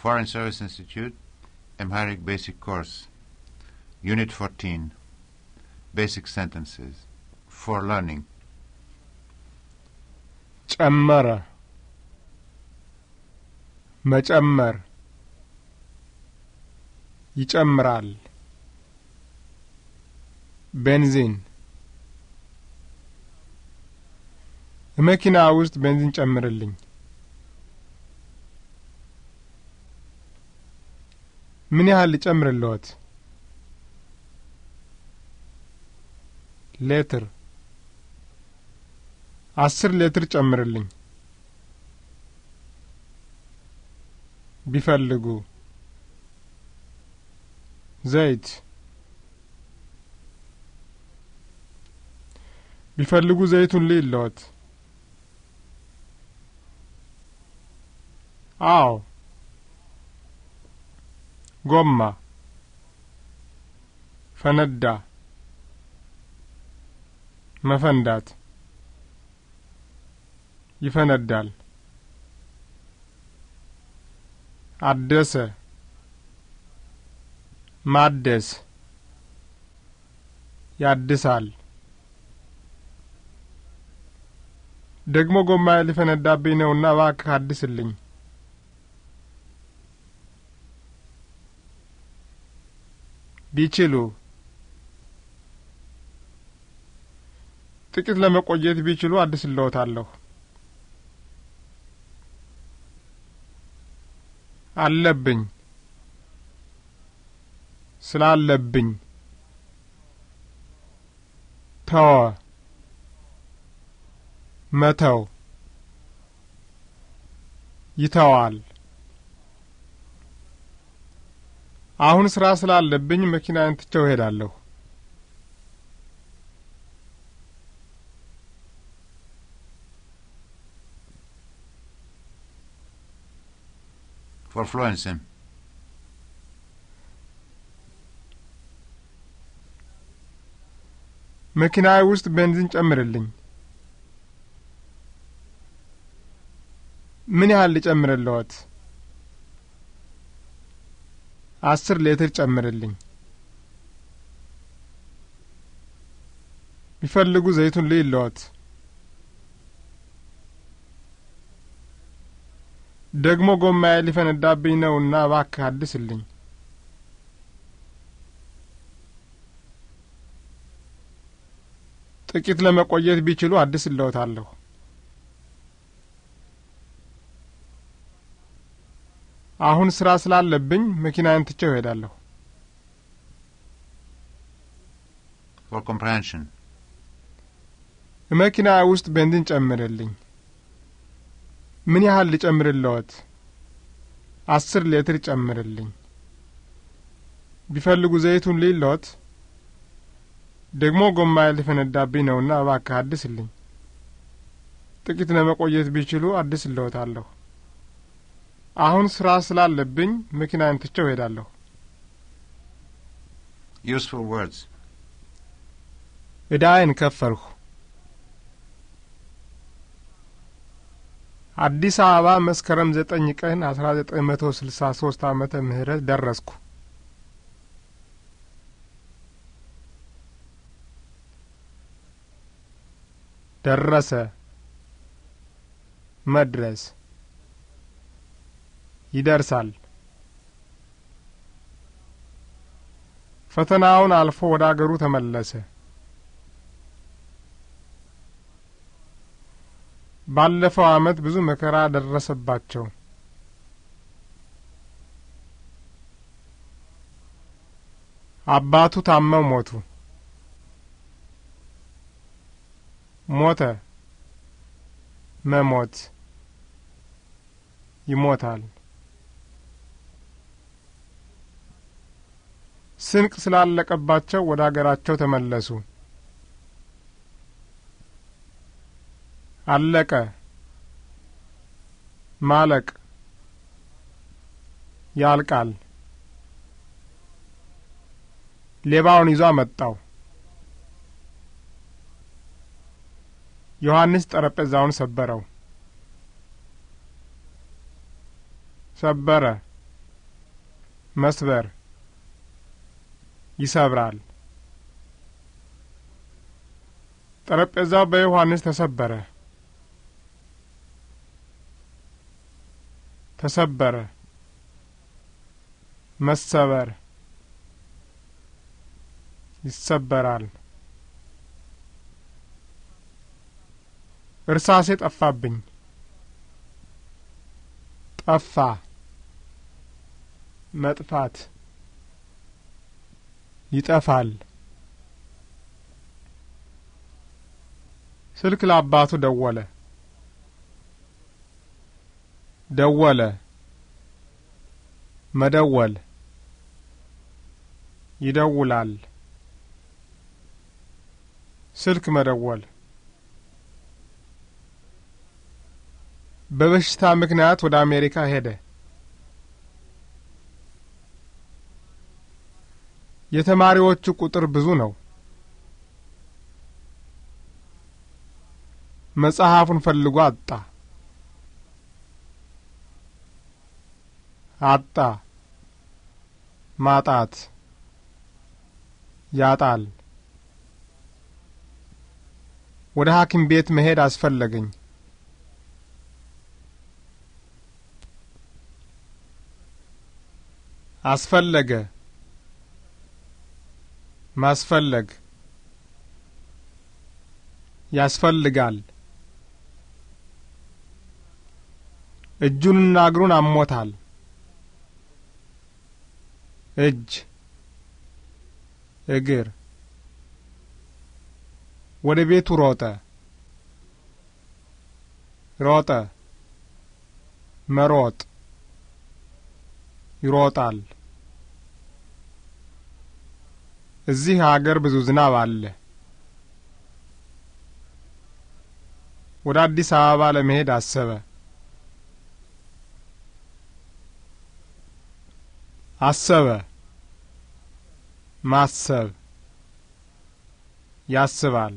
Foreign Service Institute, Amharic Basic Course, Unit 14, Basic Sentences, for Learning. ጨመረ መጨመር ይጨምራል ቤንዚን መኪና ውስጥ ቤንዚን ጨምርልኝ ምን ያህል ልጨምርልዎት? ሌትር አስር ሌትር ጨምርልኝ። ቢፈልጉ ዘይት ቢፈልጉ ዘይቱን ልይልዎት? አዎ ጎማ ፈነዳ መፈንዳት ይፈነዳል አደሰ ማደስ ያድሳል ደግሞ ጎማ ሊፈነዳብኝ ነውና እባክህ አድስልኝ ቢችሉ ጥቂት ለመቆየት ቢችሉ አዲስ ለውታለሁ። አለብኝ ስላለብኝ ተወ መተው ይተዋል። አሁን ስራ ስላለብኝ መኪናዬን ትቼው እሄዳለሁ። Forfluense. መኪናዬ ውስጥ ቤንዚን ጨምርልኝ። ምን ያህል ልጨምርልዎት? አስር ሌትር ጨምርልኝ። ቢፈልጉ ዘይቱን ልይለዎት። ደግሞ ጎማዬ ሊፈነዳብኝ ነውና እባክህ አድስልኝ። ጥቂት ለመቆየት ቢችሉ አድስልዎታለሁ። አሁን ስራ ስላለብኝ መኪናዬን ትቼው እሄዳለሁ። መኪና ውስጥ ቤንዚን ጨምርልኝ። ምን ያህል ልጨምርለዎት? አስር ሌትር ጨምርልኝ። ቢፈልጉ ዘይቱን ሊለዎት? ደግሞ ጎማዬ ሊፈነዳብኝ ነውና እባክህ አድስልኝ። ጥቂት ለመቆየት ቢችሉ አድስልዎታለሁ። አሁን ስራ ስላለብኝ መኪናዬን ትቼው ሄዳለሁ። ዩስፉል ወርድስ እዳዬን ከፈልሁ። አዲስ አበባ መስከረም ዘጠኝ ቀን አስራ ዘጠኝ መቶ ስልሳ ሶስት አመተ ምህረት ደረስኩ። ደረሰ መድረስ ይደርሳል። ፈተናውን አልፎ ወደ አገሩ ተመለሰ። ባለፈው ዓመት ብዙ መከራ ደረሰባቸው። አባቱ ታመው ሞቱ። ሞተ፣ መሞት፣ ይሞታል። ስንቅ ስላለቀባቸው ወደ አገራቸው ተመለሱ። አለቀ፣ ማለቅ፣ ያልቃል። ሌባውን ይዞ አመጣው። ዮሐንስ ጠረጴዛውን ሰበረው። ሰበረ፣ መስበር ይሰብራል። ጠረጴዛው በዮሐንስ ተሰበረ። ተሰበረ፣ መሰበር፣ ይሰበራል። እርሳሴ ጠፋብኝ፣ ጠፋ፣ መጥፋት ይጠፋል። ስልክ ለአባቱ ደወለ። ደወለ፣ መደወል፣ ይደውላል። ስልክ መደወል በበሽታ ምክንያት ወደ አሜሪካ ሄደ። የተማሪዎቹ ቁጥር ብዙ ነው። መጽሐፉን ፈልጎ አጣ። አጣ፣ ማጣት፣ ያጣል። ወደ ሐኪም ቤት መሄድ አስፈለገኝ። አስፈለገ ማስፈለግ ያስፈልጋል። እጁንና እግሩን አሞታል። እጅ እግር። ወደ ቤቱ ሮጠ ሮጠ መሮጥ ይሮጣል። እዚህ አገር ብዙ ዝናብ አለ። ወደ አዲስ አበባ ለመሄድ አሰበ። አሰበ፣ ማሰብ፣ ያስባል።